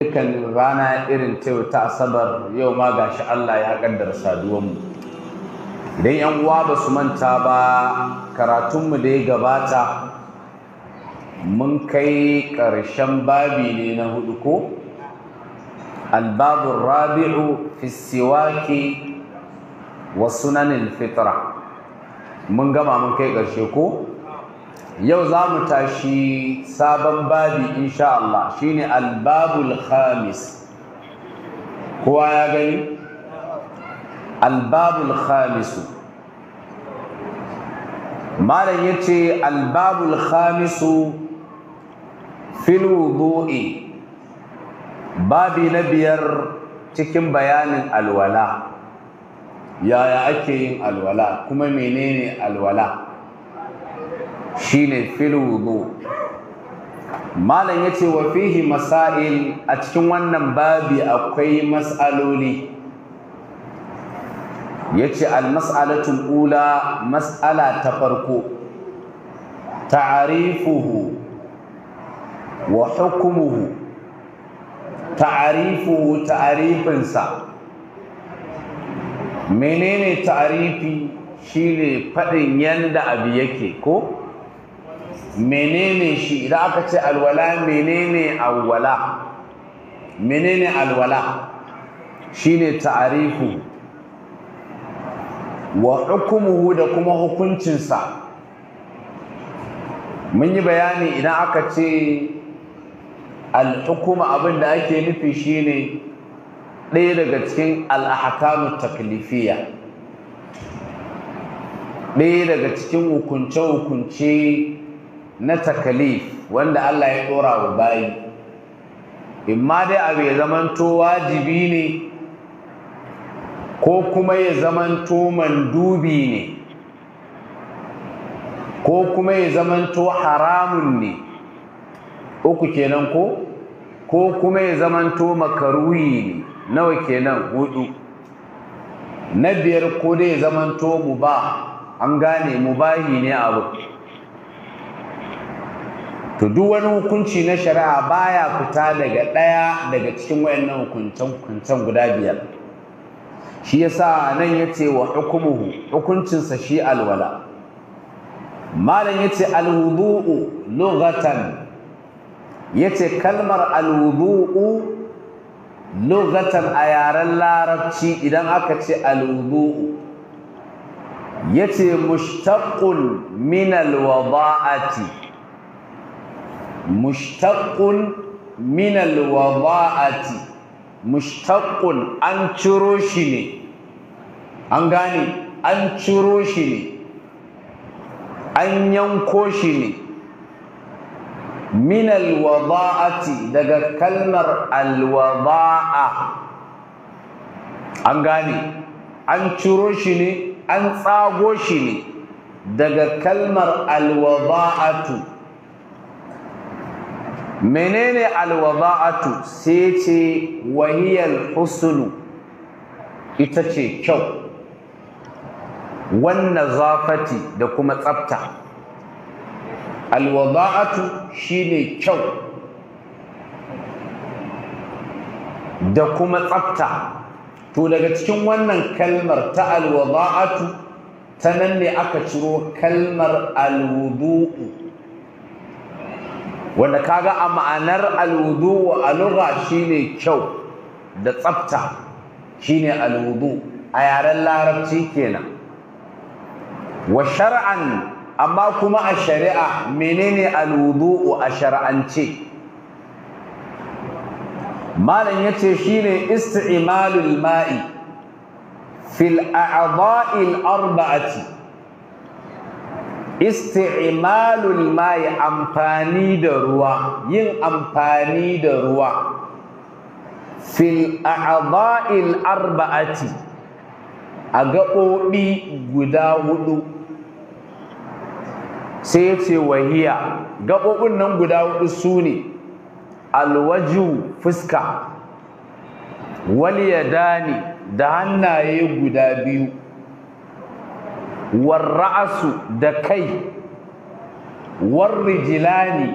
dukkan rana irin ta ta asabar yau ma gashi Allah ya kaddara mu. idan yan uwa ba su manta ba karatunmu da ya gabata mun kai ƙarshen babi ne na hudu ko albabun rabi'u fi siwaki wa sunanin fitra mun gama mun kai ƙarshe ko yau za mu tashi sabon babi insha Allah shine albabul khamis kowa ya gani albabul malam yace albabul khamisu fil wudu'i babi na biyar cikin bayanin alwala yaya ake yin alwala kuma menene alwala shine fil wudu malam yace wa fihi masail a cikin wannan babi akwai mas'aloli yace al mas'alatul ula mas'ala ta farko ta'rifuhu wa hukmuhu ta'rifuhu ta'rifinsa menene ta'rifi shine faɗin yanda abu yake ko menene shi idan aka ce alwala menene alwala menene alwala shine ta'arifu wa hukumuhu da kuma hukuncinsa mun yi bayani idan aka ce al'ukuma abin da ake nufi shine ɗaya daga cikin al'ahakamu taklifiya ɗaya daga cikin hukunce-hukunce na takalif wanda Allah ya dora wa bayi imma dai abu ya zamanto wajibi ne ko kuma ya zamanto mandubi ne ko kuma ya zamanto haramun ne uku kenan ko ko kuma ya zamanto makaruhi ne nawa kenan hudu na biyar ko dai ya zamanto mubah an gane mubahi ne abu to duk wani hukunci na shari'a baya fita daga ɗaya daga cikin wayannan hukuncen guda biyar shi yasa nan yace wa hukumuhu hukuncinsa shi alwala malam yace alwudu'u lughatan yace kalmar alwudu'u lughatan a yaren larabci idan aka ce alwudu'u yace mushtaqqun min alwada'ati mushtaqun min alwada'ati mushtaqun an ciro shi ne an gane an ciro shi ne an yanko shi ne min alwada'ati daga kalmar alwada'a an gane an ciro shi ne an tsago shi ne daga kalmar alwada'atu menene alwada'atu sai ce wahiyar husnu ita ce kyau wannan zafati da kuma tsafta alwada'atu shine kyau da kuma tsafta to daga cikin wannan kalmar ta alwada'atu ta nan ne aka ciro kalmar alwudu'u wanda kaga a ma'anar alwudu wa alugha shine kyau da tsafta shine alwudu a yaren larabci kenan wa shar'an amma kuma a shari'a menene alwudu a shar'ance malam yace shine isti'malul ma'i fil a'dha'il arba'ati isti'malul mai amfani da ruwa yin amfani da ruwa fil a'dha'il arba'ati a gaɓoɓi guda hudu sai ya ce wahiya gaɓoɓin nan guda hudu su ne alwaju fuska wal yadani da hannaye guda biyu Warra'asu da kai warri jilani,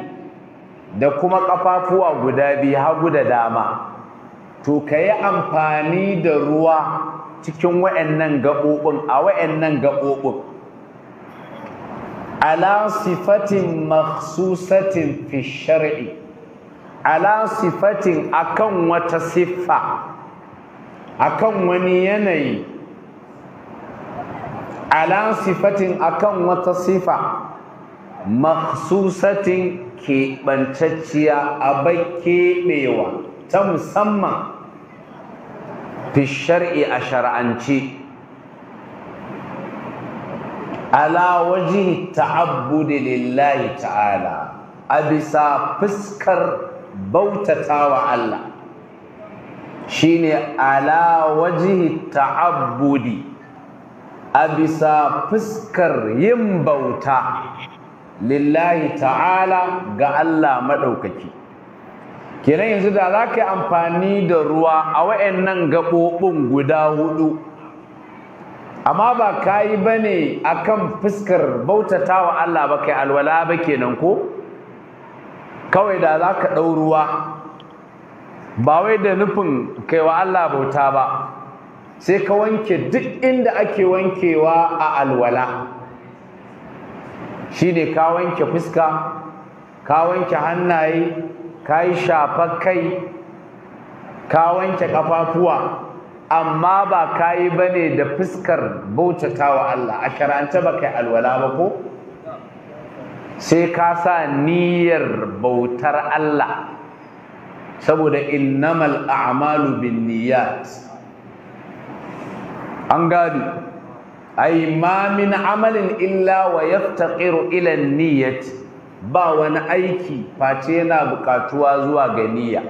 da kuma ƙafafuwa guda biyu hagu da dama to ka yi amfani da ruwa cikin wa'annan gaɓoɓin a wa'annan gaɓoɓin ala sifatin makhsusatin fi shar'i ala sifatin akan wata siffa akan wani yanayi ala sifatin akan wata sifa maksusatin keɓantacciya abai keɓewa ta musamman fi shar'i a shar'anci ala waje ta'abbudi lillahi ta'ala a bisa fuskar bautatawa Allah shine ala waje ta'abbudi a bisa fuskar yin bauta lillahi ta'ala ga Allah maɗaukaki kenan yanzu da za ka yi amfani da ruwa a wa'annan gaɓoɓin guda hudu amma ba ka yi ba ne a kan fuskar bautata wa Allah ba kai alwala ba kenan ko kawai da za ka ɗau ruwa ba wai da nufin kai wa Allah bauta ba sai ka wanke duk inda ake wankewa a alwala shi ne ka wanke fuska ka wanke hannaye ka yi shafar kai ka wanke kafafuwa amma ba ka yi ba ne da fuskar bautata wa Allah a karanta ba kai alwala ba ko sai ka sa niyyar bautar Allah saboda innamal a'malu bin niyyat an gadi ai ma min amalin illa wa yaftaqiru ila niyyat ba wani aiki face yana bukatuwa zuwa ga niyya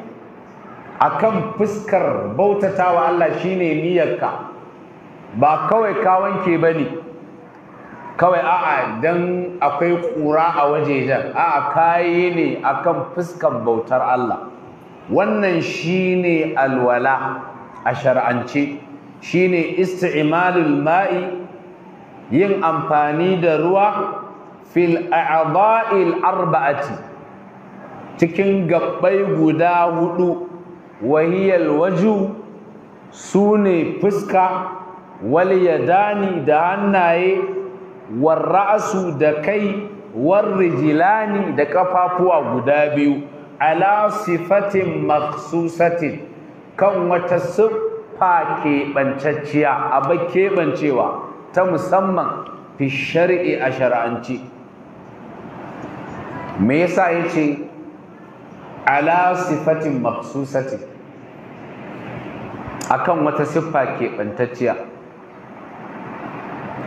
akan fuskar bautatawa Allah shi shine niyyarka ba kawai ka wanke bane kawai a'a dan akwai kura a waje wajejen a'a kayi ne akan fuskar bautar Allah wannan shine alwala a shar'ance shine isti'malul ma'i yin amfani da ruwa fil a'dha'il arba'ati cikin gabbai guda hudu wahiyal waju sune fuska wal yadani da hannaye war ra'su da kai war rijlani da kafafuwa guda biyu ala sifatin maqsusatin kan wata siffa fa keɓancacciya a ba keɓancewa ta musamman fi shari'i a shari'anci me yasa ya ce ala sifatin maksusati akan wata siffa keɓantacciya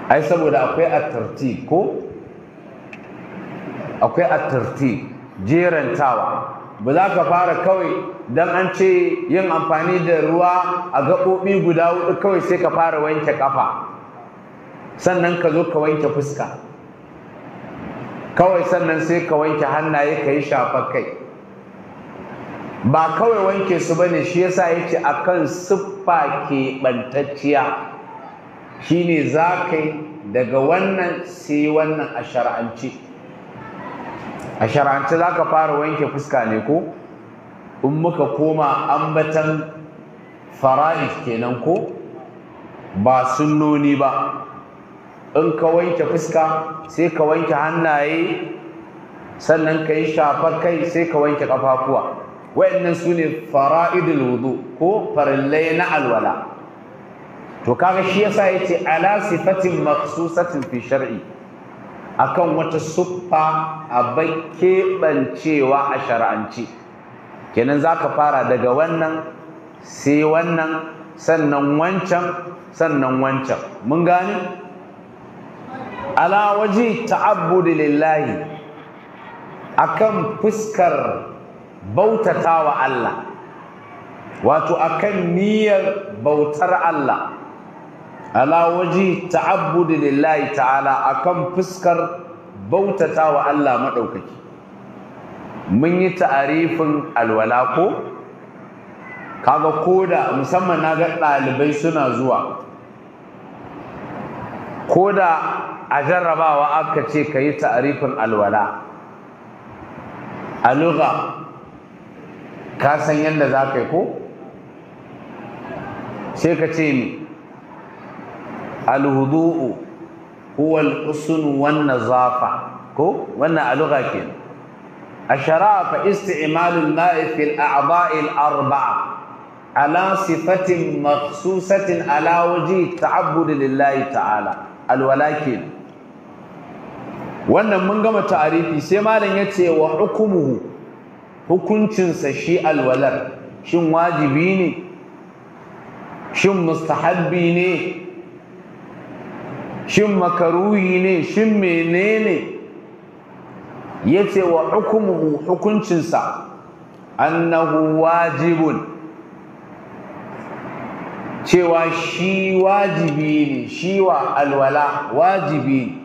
ai saboda akwai attarti ko akwai attarti jerantawa ba za ka fara kawai don an ce yin amfani da ruwa a gaɓoɓi guda hudu kawai sai ka fara wanke ƙafa sannan ka zo ka wanke fuska kawai sannan sai ka wanke hannaye ka yi shafar kai ba kawai wanke su ba ne shi yasa ya ce a kan siffa keɓantacciya shine za ka yi daga wannan sai wannan a shar'anci. a shar'ance za ka fara wanke fuska ne ko in muka koma ambatan fara'id kenan ko ba sunnoni ba in ka wanke fuska sai ka wanke hannaye sannan ka yi shafar kai sai ka wanke ƙafafuwa wayannan su ne fara'idul wudu ko farillai na alwala to kaga shi yasa yace ala sifatin makhsusatin fi shar'i akan wata suffa a bai keɓancewa a shari'anci kenan za ka fara daga wannan sai wannan sannan wancan sannan wancan mun gani ala waje ta'abbudu lillahi akan fuskar bautatawa Allah wato akan niyyar bautar Allah ala waji ta'abbudu lillahi ta'ala akan fuskar bautata wa Allah maɗaukaki. mun yi ta'arifin alwala ko kaga koda musamman naga ɗalibai suna zuwa koda a jarrabawa aka ce ka yi ta'arifin alwala a lugha ka san yadda za ka yi ko sai ka ce ni alhudu'u huwa al-husn wan nazafa ko wannan a lugha kenan ashara fa isti'malu al-ma'i fi arbaa ala sifatin makhsusatin ala waji ta'abbud lillahi ta'ala alwalakin wannan mun gama ta'arifi sai malam yace wa hukumuhu hukuncinsa shi alwalar shin wajibi ne shin mustahabbi ne shin makaruhi ne shin menene ya ce wa hukumuhu hukuncinsa annahu wajibun cewa shi wajibi ne shi wa alwala wajibi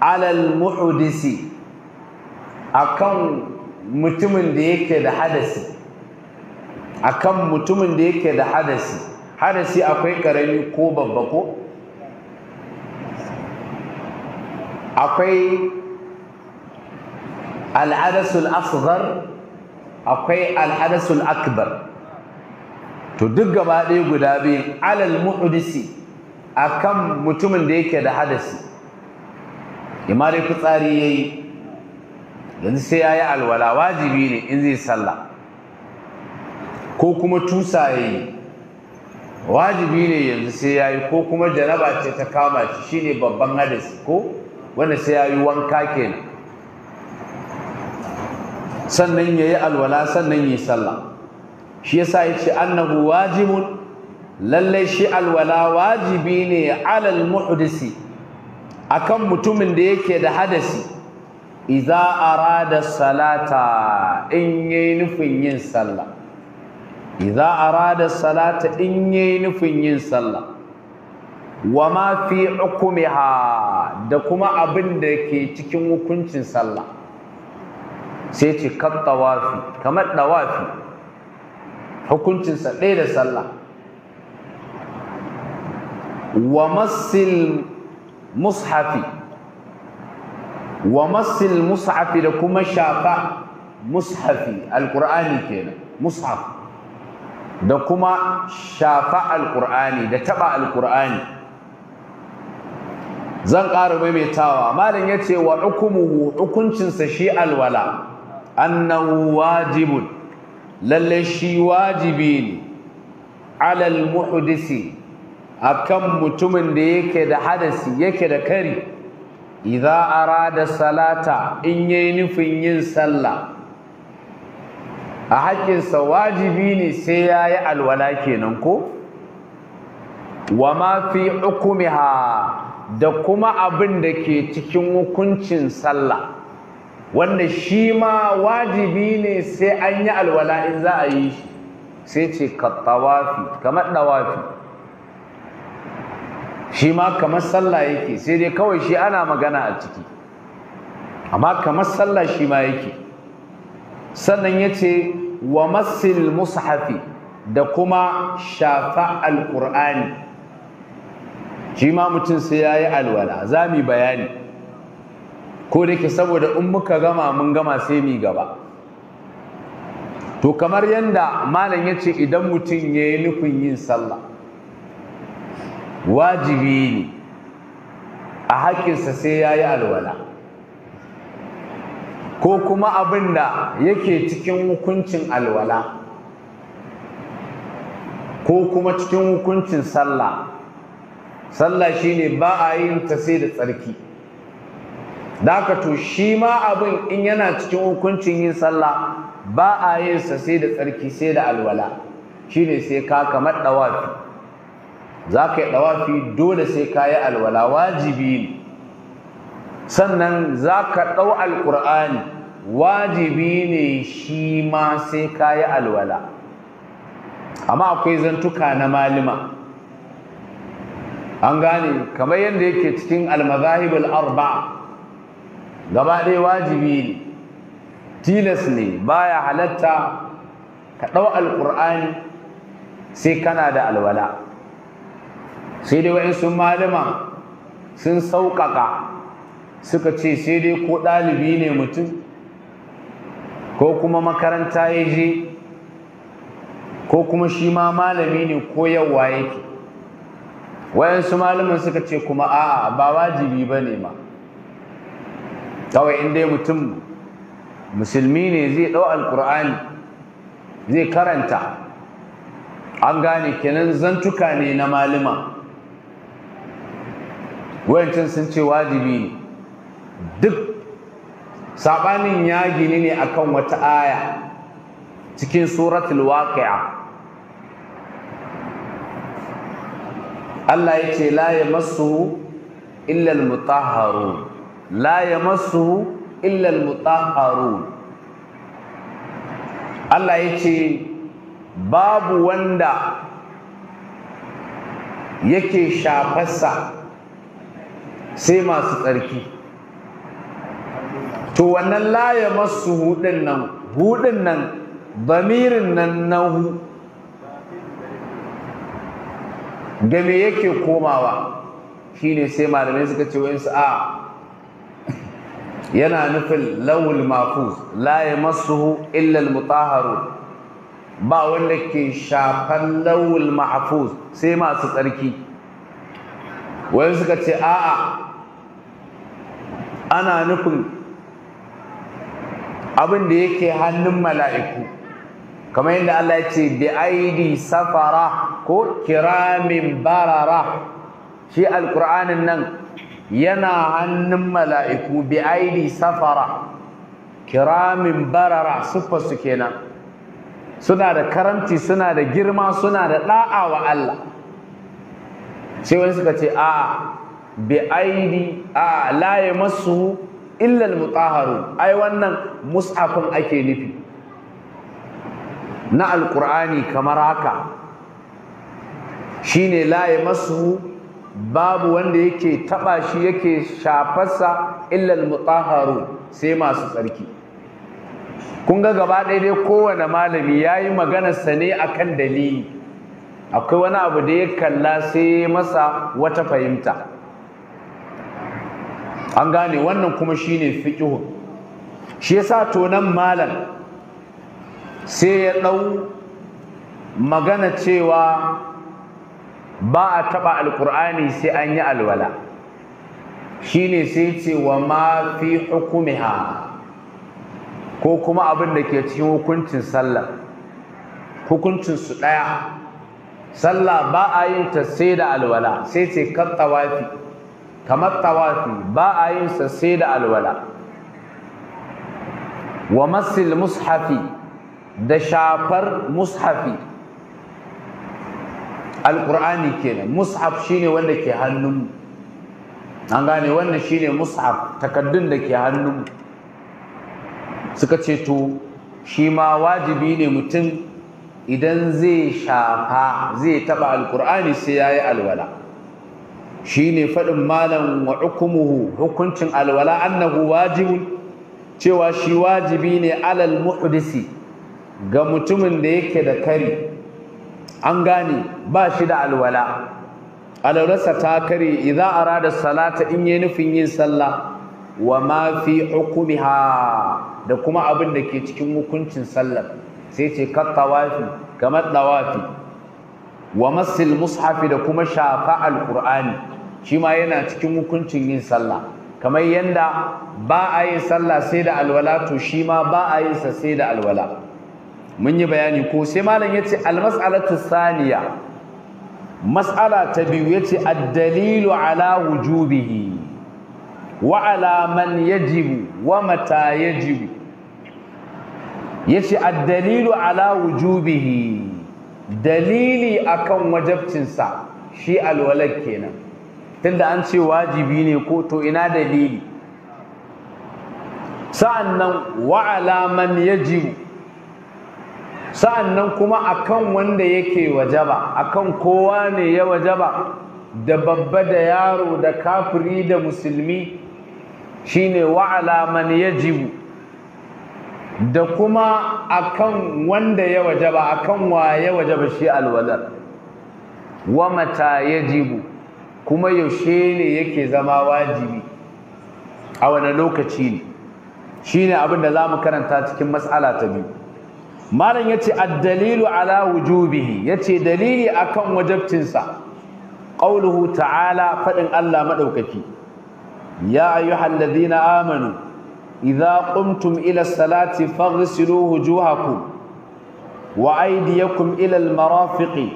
alal muhudisi akan mutumin da yake da hadasi akan mutumin da yake da hadasi hadasi akwai karami ko babba ko akwai al'adasul asghar akwai al'adasul akbar to duk gaba ɗaya guda biyun alal a kan mutumin da yake da hadasi imma tsari ya yi. yanzu sai ya yi alwala wajibi ne in zai sallah ko kuma tusa yayi wajibi ne yanzu sai ya yi, ko kuma janaba ce ta kama shi ne babban hadasi ko wanda sai ya yi wanka ke sannan ya yi alwala sannan ya yi sallah shi yasa ya ce annahu wajibun lallai shi alwala wajibi ne alal muhdisi akan mutumin da yake da hadasi idza arada salata in yayi nufin yin sallah idza arada salata in yayi nufin yin sallah Wa ma fi hukmiha da kuma abin da yake cikin hukuncin sallah sai ce kat tawafi kamar tawafi hukuncinsa ɗaya da sallah wa masil mushafi wa masil mushafi da kuma shafa mushafi alqur'ani kenan mushaf da kuma shafa alqur'ani da taba alkur'ani zan ƙara maimaitawa malam ya ce wa hukumuhu hukuncinsa shi alwala annahu wajibun lalle shi wajibi ne alal muhdisi akan mutumin da yake da hadasi yake da kari idza arada salata in yayi nufin yin sallah a haƙƙinsa wajibi ne sai ya yi alwala kenan ko wa ma fi hukumiha da kuma abin da ke cikin hukuncin sallah wanda shi ma wajibi ne sai an yi alwala in za a yi shi sai ce ka tawafi kamar dawafi shi ma kamar sallah yake sai dai kawai shi ana magana a ciki amma kamar sallah shi ma yake sannan ya ce wa masil mushafi da kuma shafa alƙur'ani shi ma mutum sai ya yi alwala za mu bayani ko da ke saboda in muka gama mun gama sai mu gaba to kamar yadda malam ya ce idan mutum ya yi nufin yin sallah wajibi ne a haƙinsa sai ya yi alwala ko kuma abin da yake cikin hukuncin alwala ko kuma cikin hukuncin sallah sallah ne ba a yin ta sai da tsarki da aka to shi ma abin in yana cikin hukuncin yin sallah ba a yin sa sai da tsarki sai da alwala Shi ne sai ka kamar dawafi za ka yi dawafi dole sai ka yi alwala wajibi ne sannan za ka ɗau Alkur'ani, wajibi ne shi ma sai ka yi alwala amma akwai zantuka na malima an gane kamar yadda yake cikin almazahibul arba gaba ɗaya wajibi ne tilas ne baya halatta ka ɗau alƙur'ani sai kana da alwala sai dai wa'insu malama sun sauƙaƙa suka ce sai dai ko ɗalibi ne mutum ko kuma makaranta ya je ko kuma shi ma malami ne ko koyarwa yake wayansu malamin suka ce kuma a'a ba wajibi ba ne ma kawai in dai mutum musulmi ne zai ɗau alkur'ani zai karanta an gane kenan zantuka ne na malima wayancin sun ce wajibi ne duk saɓanin ya gini ne akan wata aya cikin suratul waqi'a Allah ya ce la ya masu illal mutahharun la ya masu illal mutahharun Allah ya ce babu wanda yake shafarsa sai masu tsarki to wannan la ya masu hudun nan hudun nan bamirin nan na hu game me yake komawa shine sai malamai suka ce wa'insu a yana nufin lawul mafuz la masu illal mutaharu ba wanda ke shafan lawul mahfuz sai masu tsarki wani suka ce a'a ana nufin abin da yake hannun mala'iku kamar yadda Allah ya ce bi aidi safara ko kiramin barara shi alkur'anin nan yana hannun mala'iku bi aidi safara kiramin barara siffarsu kenan suna da karamci suna da girma suna da da'a wa Allah sai wani suka ce a bi aidi a laye masu illal mutaharu ai wannan mus'afin ake nufi na alkur'ani kamar haka shine la masu babu wanda yake taba shi yake shafarsa illal mutahharu sai masu tsarki kun ga gaba ɗaya dai kowane malami ya yi maganarsa ne akan dalili akwai wani abu da ya kalla sai masa wata fahimta an gane wannan kuma shine fiqhu shi yasa to nan malam sai ya ɗau magana cewa ba a taɓa alƙur'ani sai an yi alwala shi ne sai ce wa ma fi hukumiha ko kuma abin da ke cikin hukuncin sallah su ɗaya sallah ba a yin ta sai da alwala sai ce kan tawafi kamar tawafi ba a yin sa sai da alwala wa masil mushafi da shafar mushafi alƙur'ani kenan mushaf shine wanda ke hannunmu an gane wannan shine mushaf takaddun da ke hannunmu suka ce to shi ma wajibi ne mutum idan zai shafa zai taɓa alƙur'ani sai ya yi alwala shine faɗin malam wa hukumuhu hukuncin alwala annahu wajibun cewa shi wajibi ne alal muhdisi ga mutumin da yake da kari an gane ba shi da alwala alwarsa ta kare ara da salata in ya nufin yin sallah wa ma fi hukumiha da kuma abin da ke cikin hukuncin sallar sai ce ka kamar tawafi wa masil mushafi da kuma shafa alqur'ani shi ma yana cikin hukuncin yin sallah kamar yanda ba a yin sallah sai da alwala to shi ma ba a yin sa sai da alwala mun yi bayani ko sai malam yace al-mas'alatu thaniya mas'ala ta biyu yace ad-dalilu ala wujubihi wa ala man yajibu wa mata yajibu yace ad-dalilu ala wujubihi dalili akan wajabcinsa shi alwalad kenan tunda an ce wajibi ne ko to ina dalili sa'annan wa ala man yajibu sa'annan kuma akan wanda yake wajaba akan kowa ne ya wajaba da babba da yaro da kafiri da musulmi shine wa'ala man jibu da kuma kan wanda ya wajaba akan wa ya wajaba shi alwalar wa mata jibu kuma yaushe ne yake zama wajibi a wani lokaci ne shine abin da mu karanta cikin matsala ta biyu malam yace a dalilu ala wujubihi yace dalili akan wajabtinsa ƙauluhu ta'ala faɗin Allah maɗaukaki. ya ayyuhalladhina amanu idza ƙumtum ila salati faghsilu wujuhakum wa aydiyakum ila al-marafiqi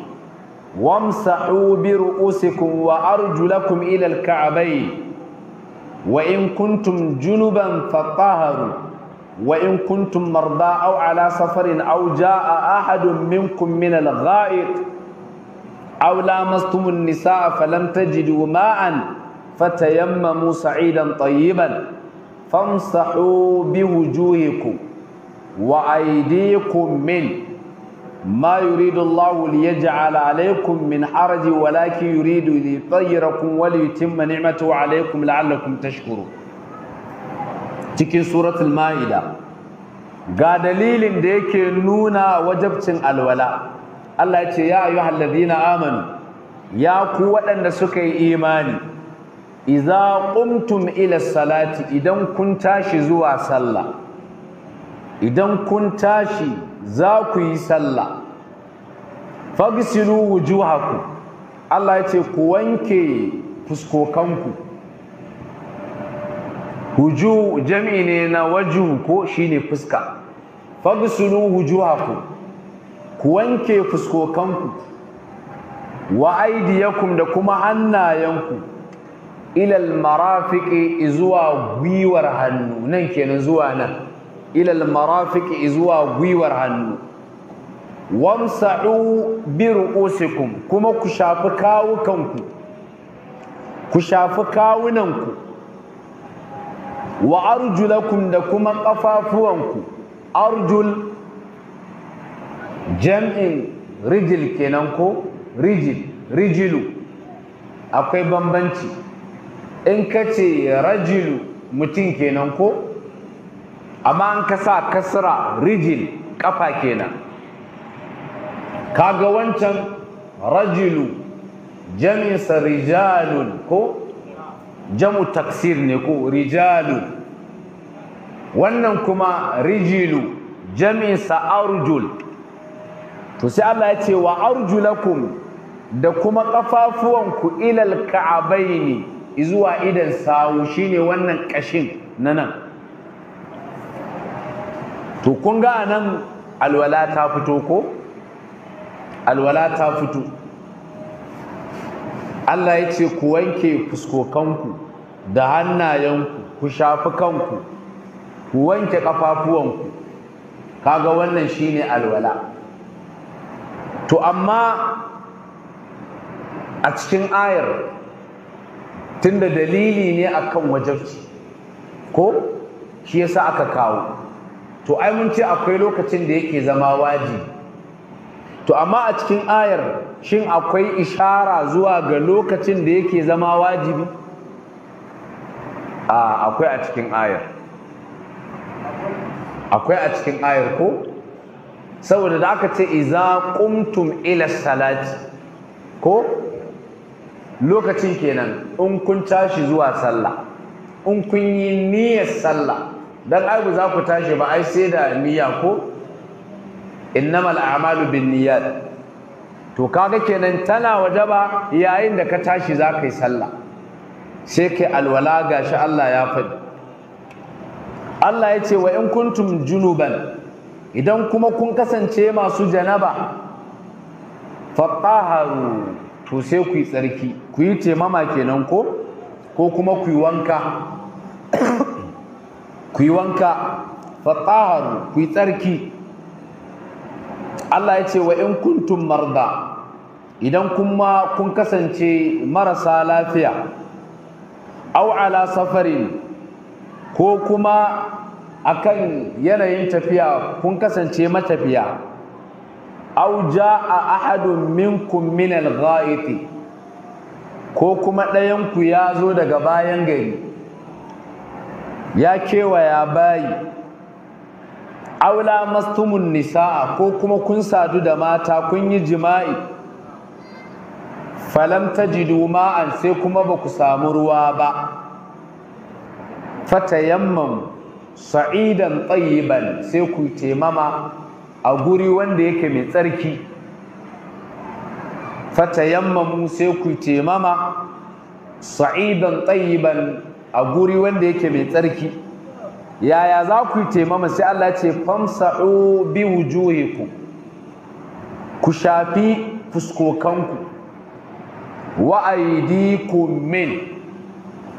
wamsahu bi ru'usikum wa arjulakum ila al-ka'bayn wa in kuntum junuban fatahharu وإن كنتم مرضى أو على سفر أو جاء أحد منكم من الغائط أو لامستم النساء فلم تجدوا ماء فتيمموا سعيدا طيبا فامسحوا بوجوهكم وأيديكم من ما يريد الله ليجعل عليكم من حرج ولكن يريد ليطيركم وليتم نعمته عليكم لعلكم تشكرون cikin suratul ma'ida ga dalilin da yake nuna wajabcin alwala Allah ya ce ya ayyuhal ladina amanu ya ku waɗanda suka yi imani idza qumtum ila salati idan kun tashi zuwa sallah idan kun tashi za ku yi sallah fagsilu wujuhakum Allah ya ce ku wanke fuskokanku Huju jam'i ne na waju ko shine fuska fagsulu wujuhakum ku wanke fuskokanku wa aydiyakum da kuma hannayenku ilal marafiqi izuwa gwiwar hannu nan kenan zuwa nan ilal marafiqi zuwa gwiwar hannu wamsa'u bi ru'usikum kuma ku shafi kawukanku ku shafi kawunanku wa arjulakum da kuma ƙafafuwanku arjul jam'in rijil kenan ko rijil rijilu akwai bambanci in ka ce rajilu mutum kenan ko amma an ka sa kasra rijil ƙafa kenan Ka ga wancan rajilu jami'insa rijalun ko jamu taksir ne ko rijalu wannan kuma rijilu Jaminsa arjul to sai Allah ya ce wa arjulakum da kuma ƙafafuwanku ilal ka'abaini izuwa idan sawu shine wannan ƙashin na nan to kun ga nan alwala ta fito ko alwala ta fito Allah ya ce ku wanke fuskokanku da hannayenku ku shafi kanku ku wanke ƙafafuwanku kaga wannan shine alwala to amma a cikin ayar tunda dalili ne akan wajabci ko shi yasa aka kawo to ai mun ce akwai lokacin da yake zama wajibi to amma a cikin ayar shin akwai ishara zuwa ga lokacin da yake zama wajibi a akwai a cikin ayar akwai a cikin ayar ko saboda da aka ce iza kumtum ila salati ko lokacin kenan in kun tashi zuwa sallah in kun yi niyyar sallah dan ai ba za ku tashi ba ai sai da niyya ko innamal a'malu binniyat to kaga kenan tana wajaba yayin da ka tashi za ka yi sallah sai kai alwala gashi Allah ya faɗi Allah ya ce wa in kuntum junuban idan kuma kun kasance masu janaba fattaharu to sai ku tsarki ku yi temama kenan ko ko kuma ku yi wanka ku yi wanka fattaharu ku tsarki Allah ya ce wa in kuntum marda idan kuma kun kasance marasa lafiya au ala safarin ko kuma akan yanayin tafiya kun kasance matafiya au a ahadun minkum min al ko kuma ɗayan ku ya zo daga bayan gari ya ya bayi aula mastumun nisa'a ko kuma kun sadu da mata kun yi jima'i falam ji ma'an sai kuma ba ku samu ruwa ba fatayammam sa'idan tsayiban sai ku temama a guri wanda yake mai tsarki fatayammamu sai ku taimama sa'idan tsayiban a guri wanda yake mai tsarki yaya za ku yi taimama sai Allah ce famsa'u bi wujuhiku ku shafi fuskokanku wa aydikum min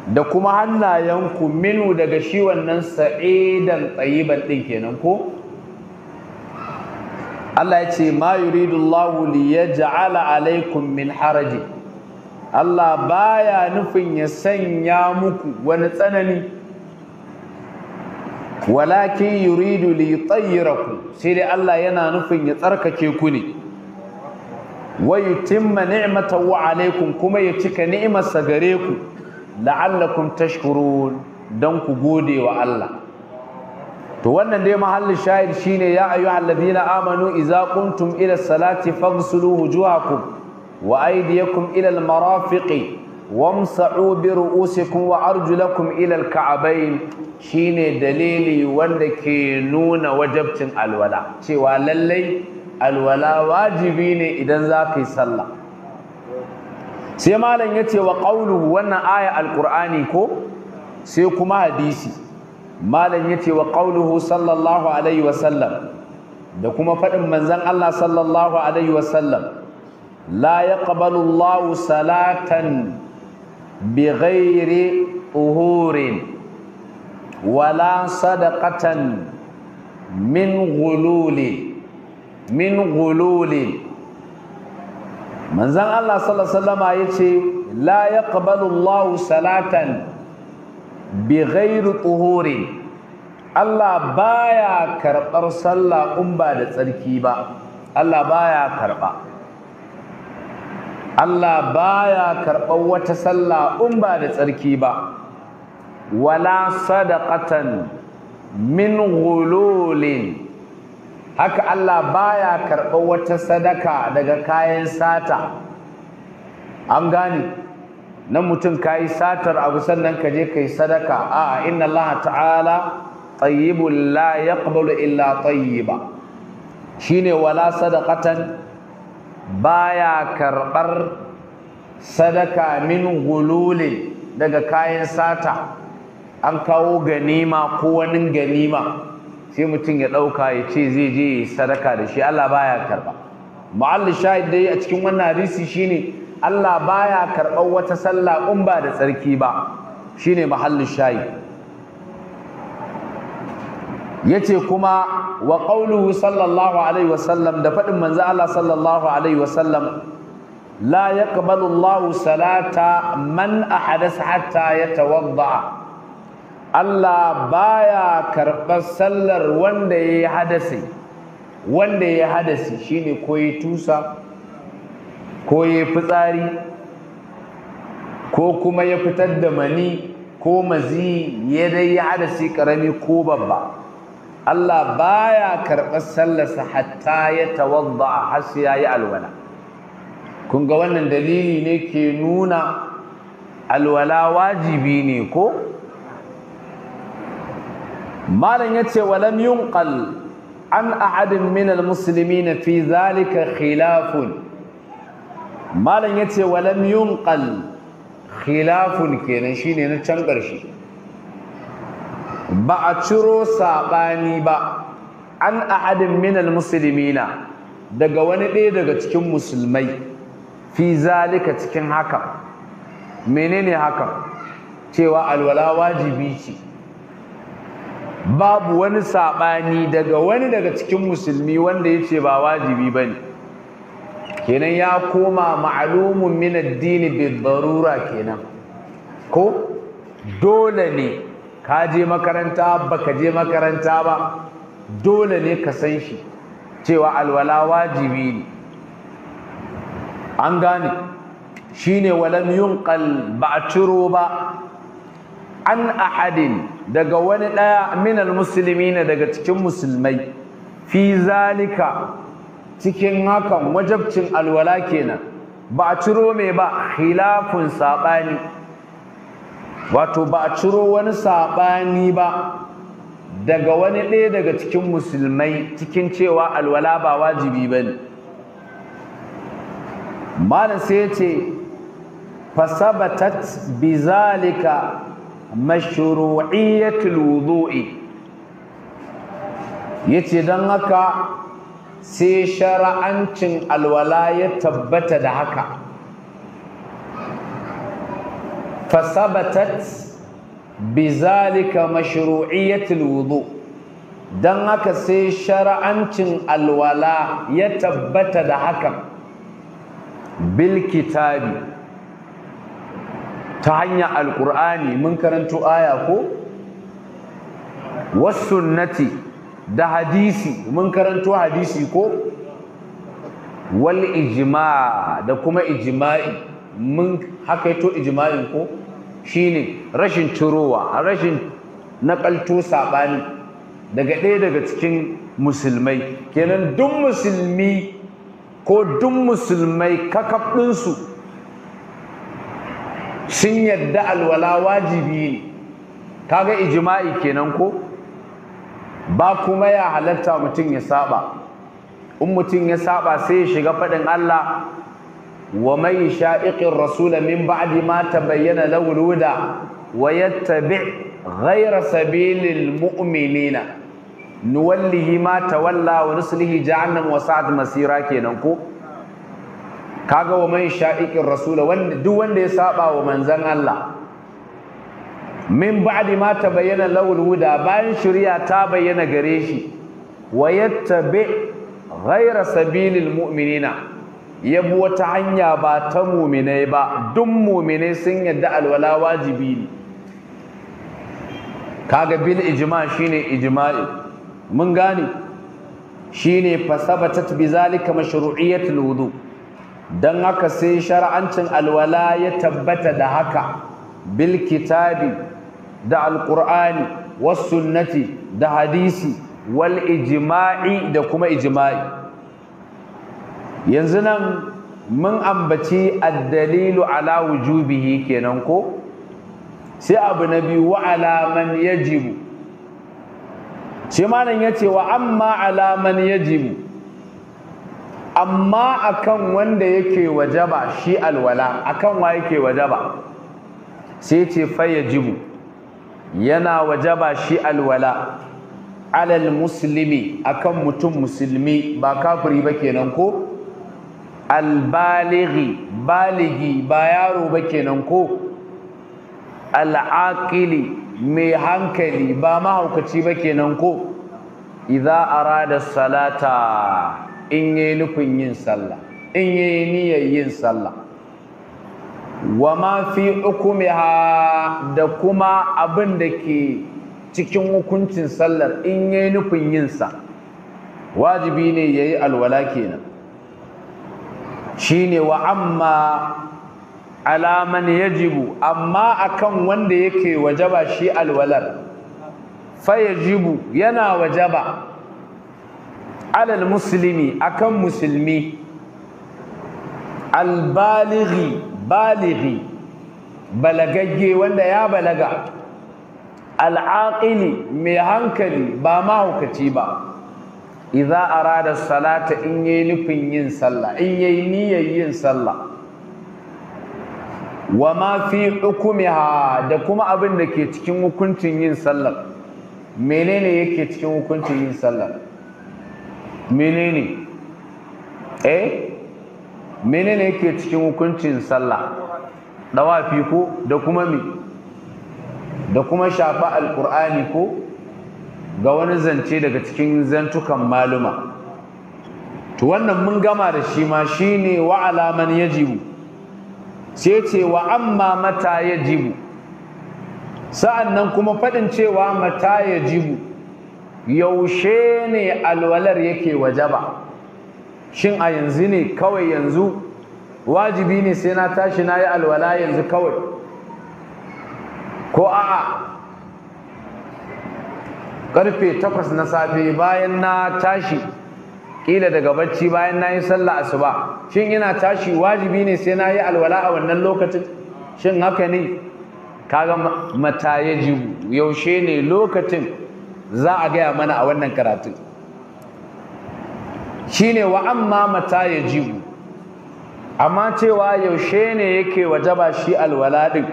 da kuma hannayenku minu daga shi wannan sa'idan tsayiban din kenan ko Allah ya ce ma yuridu Allahu li yaj'ala alaikum min haraji Allah baya nufin ya sanya muku wani tsanani walakin yuridu li yutayyiraku sai dai Allah yana nufin ya tsarkake ku ne wa yutimma ni'matahu alaikum kuma ya cika ni'imarsa gare ku la'allakum tashkurun dan ku gode wa Allah to wannan dai mahallin shahid shine ya ayu ladina amanu idza qumtum ila salati faghsulu wujuhakum wa aydiyakum ila al marafiqi wamsa'u bi ru'usikum wa arjulakum ila al-ka'bayn shine dalili wanda ke nuna wajabcin alwala cewa lallai alwala wajibi ne idan za ka yi sallah sai malam yace wa qawluhu wannan aya alqur'ani ko sai kuma hadisi malam yace wa qawluhu sallallahu alaihi wa sallam da kuma faɗin manzon Allah sallallahu alaihi wa sallam la yaqbalu Allahu salatan bighairi uhurin wala sadaqatan min gululi min gululi manzan Allah sallallahu alaihi yace la yaqbalu Allahu salatan bighairi tuhurin. Allah baya karɓar sallah in ba da tsarki ba Allah baya karɓa Allah baya karɓar wata sallah in ba da tsarki ba wala sadaqatan min gululin haka Allah baya karɓar wata sadaka daga kayan sata an gane nan mutum kayi satar abu sannan ka je kai sadaka a inna Allah ta'ala tayyibul la yaqbalu illa tayyiba shine wala sadaqatan baya karɓar sadaka min gululin daga kayan sata an kawo ganima ko wani ganima sai mutum ya ɗauka ya ce zai je sadaka da shi Allah baya karɓa ma'alli shahid dai a cikin wannan hadisi shine Allah baya karɓar wata sallah in ba da tsarki ba shine mahallin shahid yace kuma wa qawluhu sallallahu alaihi wasallam da faɗin manzo Allah sallallahu alaihi wasallam la yaqbalu Allahu salata man ahadasa hatta yatawadda Allah baya karɓar sallar wanda ya hadasi wanda ya hadasi shine ko ya tusa ko ya fitsari ko kuma ya fitar da mani ko mazi ya dai ya hadasi ƙarami ko babba Allah baya karɓar sallarsa hatta ya tawadda har sai yayi alwala kun ga wannan dalili ne ke nuna alwala wajibi ne ko malam ce walam ƙal an ahadin min almuslimin fi zalika khilafun malam ce walam ƙal khilafun kenan shine na can ƙarshe ba a ciro saɓani ba an ahadin minal musulmina daga wani ɗaya daga cikin musulmai fi zalika cikin haka menene haka cewa alwala wajibi ce babu wani saɓani daga wani daga cikin musulmi wanda ya ce ba wajibi ba ne kenan ya koma ma'alumin min addini bi kenan ko dole ne ka je makaranta ba ka je makaranta ba dole ne ka san shi cewa alwala wajibi ne an gane Shi shine walam yunqal ba ciro ba an ahadin daga wani daya minal ne daga cikin musulmai fi zalika cikin hakan wajabcin alwala kenan ba a ciro mai ba khilafun saɓani wato ba a ciro wani saɓani ba daga wani ɗaya daga cikin musulmai cikin cewa alwala ba wajibi ba ne malam sai ya ce fasabatat bizalika mashru'iyyatul wudu'i yace dan haka sai shara'ancin alwala ya tabbata da haka fasabatat bizalika mashru'iyyatul wudu dan haka sai shar'ancin alwala ya tabbata da hakan bil kitabi ta hanyar alkur'ani mun karanto aya ko wasu sunnati da hadisi mun karanto hadisi ko wal ijma da kuma ijma'i mun haka ijma'in ko shine rashin turowa rashin naƙalto saɓani daga ɗaya daga cikin musulmai kenan duk musulmi ko duk musulmai kakaf sun yadda alwala wajibi ne kaga ijima'i kenan ko ba kuma ya halatta mutum ya saba in mutum ya saba sai ya shiga faɗin Allah wa man sha'iqir rasul min ba'di ma tabayyana lahu al-huda wa yattabi' ghayra sabilil mu'minina nuwallihi ma tawalla wa nuslihi jahannam wa sa'at masira kenan ko kaga wa man sha'iqir rasul duk wanda ya saɓa wa manzon Allah min ba'di ma tabayyana lahu bayan shirya ta bayyana gare shi wa yattabi' ghayra mu'minina ya bi wata hanya ba ta muminai ba duk muminai sun yadda alwala wajibi ne kaga bil ijma shine ijma'i mun gane shine fasabatat bi zalika mashru'iyyatul wudu dan haka sai shar'ancin alwala ya tabbata da haka bil kitabi da alqur'ani was sunnati da hadisi wal ijima'i da kuma ijima'i. yanzu nan mun ambaci addalilu ala wujubihi kenan ko sai abu na biyu wa alaman yajibu shi malam ya ce wa amma alaman yajibu amma akan wanda yake wajaba shi alwala akan wa yake wajaba sai ce fa jibu. yana wajaba shi alwala alal muslimi akan mutum musulmi ba kafiri ba kenan ko Albaligi baligi ba yaro ba kenan ko al'aqili mai hankali ba mahaukaci ba kenan ko idza arada salata in yayi nufin yin sallah in yayi niyyar yin sallah wa ma fi hukumiha da kuma abin da ke cikin hukuncin sallar in yayi nufin yinsa wajibi ne yayi alwala kenan shine wa amma alaman yajibu amma akan wanda yake wajaba shi alwalar fa yajibu yana wajaba alal muslimi akan musulmi albalighi balighi balagagge wanda ya balaga al'aqili mai hankali ba mahaukaci ba idza arada salata in yayi nufin yin sallah in yayi niyyar yin sallah wa ma fi hukumiha da kuma abin da ke cikin hukuncin yin sallah, menene yake cikin hukuncin yin Mene menene eh menene yake cikin hukuncin sallah dawafi ko da kuma mi da kuma shafa alqur'ani ko ga wani zance daga cikin zantukan maluma to wannan mun gama da shi ma shine wa alaman yajibu sai ce wa amma mata ya yajibu sa'annan kuma faɗin cewa mata ya yajibu yaushe ne alwalar yake wajaba shin a yanzu ne kawai yanzu wajibi ne sai na tashi na yi alwala yanzu kawai ko a'a Karfe takwas na safe bayan na tashi kila daga bacci bayan na yi sallah asuba shin ina tashi wajibi ne sai na yi alwala a wannan lokacin shin haka ne kaga mata ya yaushe ne lokacin za a gaya mana a wannan karatun shine wa amma mata ya amma cewa yaushe ne yake wajaba shi alwala din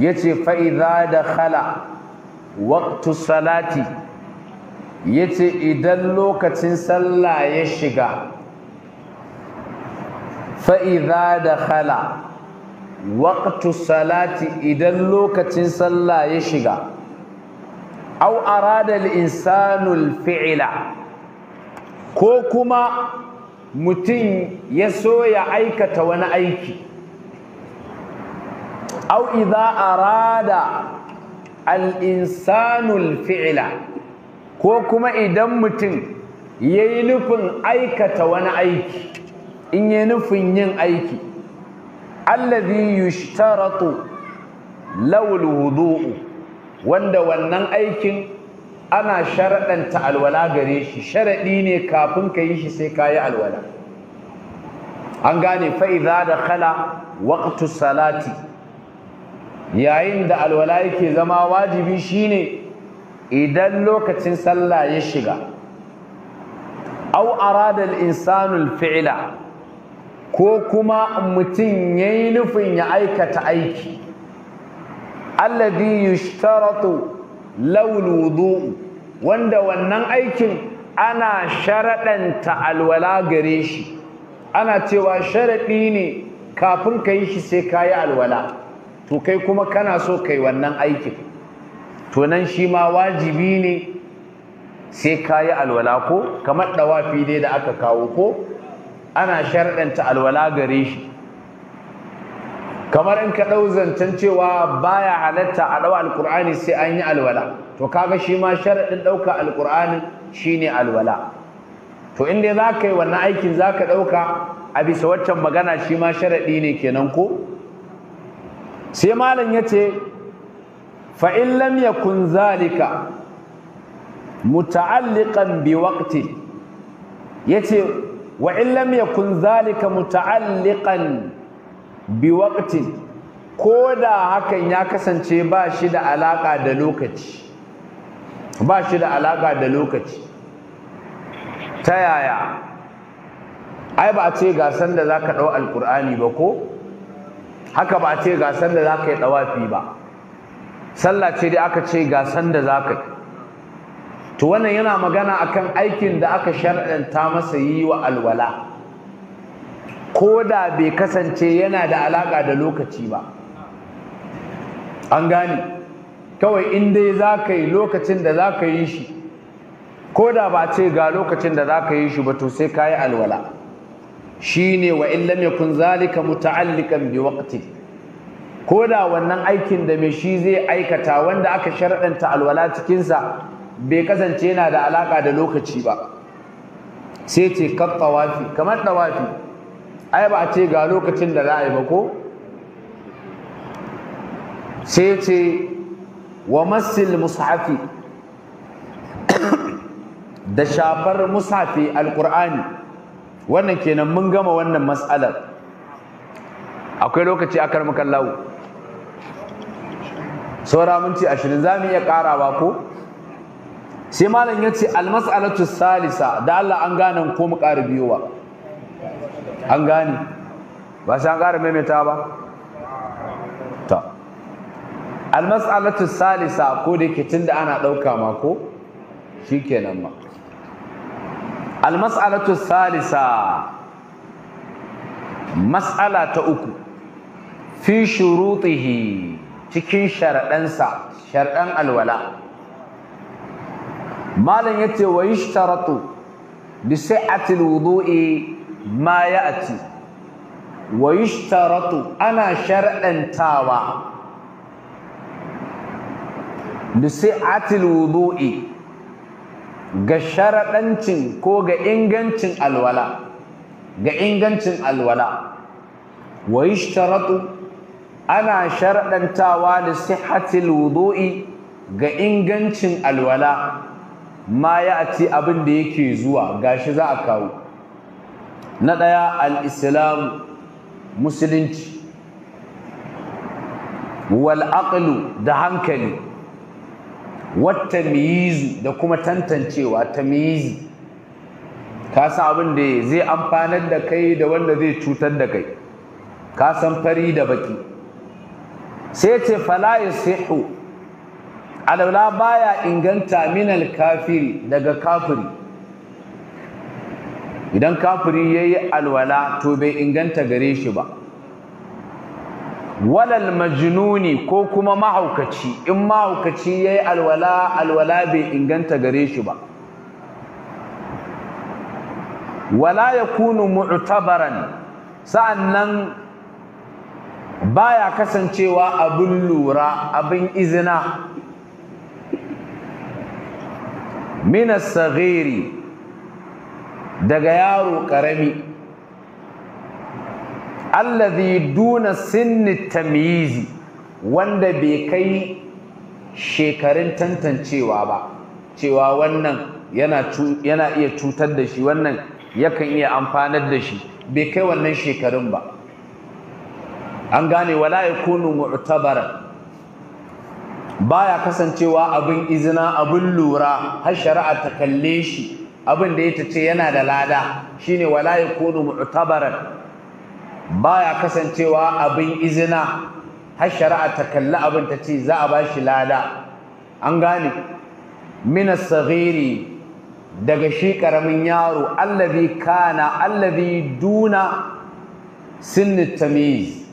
yace fa idza dakhala waqtu salati yace idan lokacin sallah ya shiga fa idza dakhala waqtu salati idan lokacin sallah ya shiga aw arada al-insanu al-fi'la ko kuma mutum ya so ya aikata wani aiki au idza arada al'insanul fi'ila ko kuma idan mutum ya yi nufin aikata wani aiki in yi nufin yin aiki allazi yushtaratu lawul wudu'u wanda wannan aikin ana sharaɗanta alwala gare shi sharaɗi ne kafin ka yi shi sai ka yi alwala an gane fa'iza da khala waqtu salati yayin da alwala yake zama wajibi shine idan lokacin sallah ya shiga au arada al-insanu fila ko kuma mutum yayi nufin ya aikata aiki alladhi yushtaratu law al wanda wannan aikin ana sharaɗanta alwala gare shi ana cewa sharaɗi ne kafin ka yi shi sai ka yi alwala to kai kuma kana so kai wannan aikin to nan shi ma wajibi ne sai ka yi alwala ko kamar dawafi dai da aka kawo ko ana sharɗanta alwala gare shi kamar in ka ɗau zancen cewa baya halatta a ɗau alƙur'ani sai an yi alwala to kaga shi ma sharaɗin ɗauka alƙur'ani shine alwala to in dai za ka yi wannan aikin za ka ɗauka a bisa waccan magana shi ma sharaɗi ne kenan ko sai malam ya ce fa'in lam kun zalika bi yace wa in lam yakun zalika muta'alliqan bi ko koda hakan ya kasance ba shi da alaƙa da lokaci ba shi da alaƙa da lokaci ta yaya ai ba a ce gasar da zaka ɗau alƙur'ani ba ko haka ba a ce ga sanda za ka yi ɗawafi ba sallah ce dai aka ce ga sanda za ka yi to wannan yana magana akan aikin da aka shar'anta masa yi wa alwala ko da bai kasance yana da alaƙa da lokaci ba an gane kawai in dai za ka yi lokacin da za ka yi shi ko da ba ce ga lokacin da za ka yi shi ba to sai ka yi alwala shine wa in lam yakun zalika muta'alliqan bi waqti koda wannan aikin da mai shi zai aikata wanda aka sharadanta alwala cikin sa bai kasance yana da alaka da lokaci ba sai ce kaf kamar tawafi ai ba a ce ga lokacin da za a yi ba ko sai ce wa masil mushafi da shafar mushafi alqur'ani wannan kenan mun gama wannan matsalar. akwai lokaci a karmakan mukallawu saura minti ashirin za mu iya karawa ko sai malam ya ce almas'alatu salisa da Allah an gane ko mu ƙara biyowa an gane ba sai an ƙara maimaita ba ta almas'alatu salisa ko da yake tunda ana ɗauka ma ko kenan ma almas'alatu salisa mas'ala ta uku fi shurutihi cikin sharaɗansa sharaɗan alwala malam yace wa yushtaratu bi sihhati alwudu'i ma ya'ti wa yushtaratu ana shar'antawa bi sihhati alwudu'i ga sharaɗancin ko ga ingancin alwala ga ingancin alwala wa sharaɗu ana sharaɗantawa da sihhatil wudu'i ga ingancin alwala ma ya ci abin da yake zuwa ga shi za a kawo na ɗaya al-islam musulunci wal da hankali wata miyizi da kuma tantancewa ta miyizi ka san abin da zai amfanar da kai da wanda zai cutar da kai ka san fari da baki sai ce fala yasihu alawla baya inganta minal kafiri daga kafiri idan kafiri yayi alwala to bai inganta gare shi ba walal majnuni ko kuma mahaukaci in mahaukaci yayi alwala alwala bai inganta gare shi ba wala ya kunu mu'tabaran sa'annan baya kasancewa abin lura abin izina Minas as daga yaro ƙarami. allazi duna sinni tamizi wanda bai kai shekarun tantancewa ba cewa wannan yana yana iya cutar da shi wannan yakan iya amfanar da shi bai kai wannan shekarun ba an gane wala yakunu mu'tabara baya kasancewa abin izina abin lura har shari'a ta kalle shi abin da ya ce yana da lada shine wala yakunu mu'tabara baya kasancewa abin izina har shari'a ta kalli abin ta ce za a ba shi lada an gane min as daga shi karamin yaro allabi kana allabi duna sinni tamiz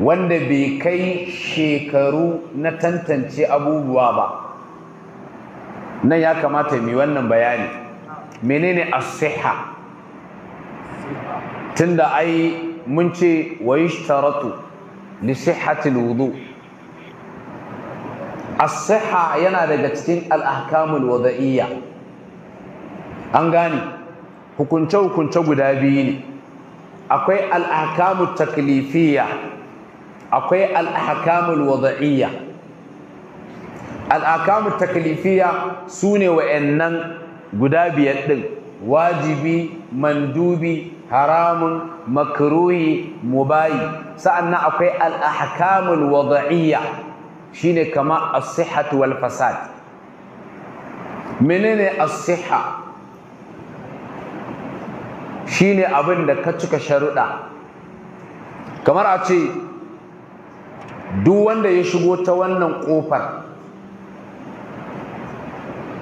wanda bai kai shekaru na tantance abubuwa ba nan ya kamata mu wannan bayani menene asiha tunda ai mun ce wa yushtaratu li sihhati wudu. as-sihha yana daga cikin al-ahkamul wada'iyya an gane hukunce hukunce guda biyu ne akwai al-ahkamut taklifiyya akwai al-ahkamul wada'iyya al-ahkamut taklifiyya sune wa'annan guda biyar din wajibi mandubi haramun makruhi mubayi sa'annan akwai al-ahkamul wad'iyya shine kama as wal fasad menene as-sihha shine abin da ka cika sharuɗa. kamar a ce duk wanda ya shigo ta wannan kofar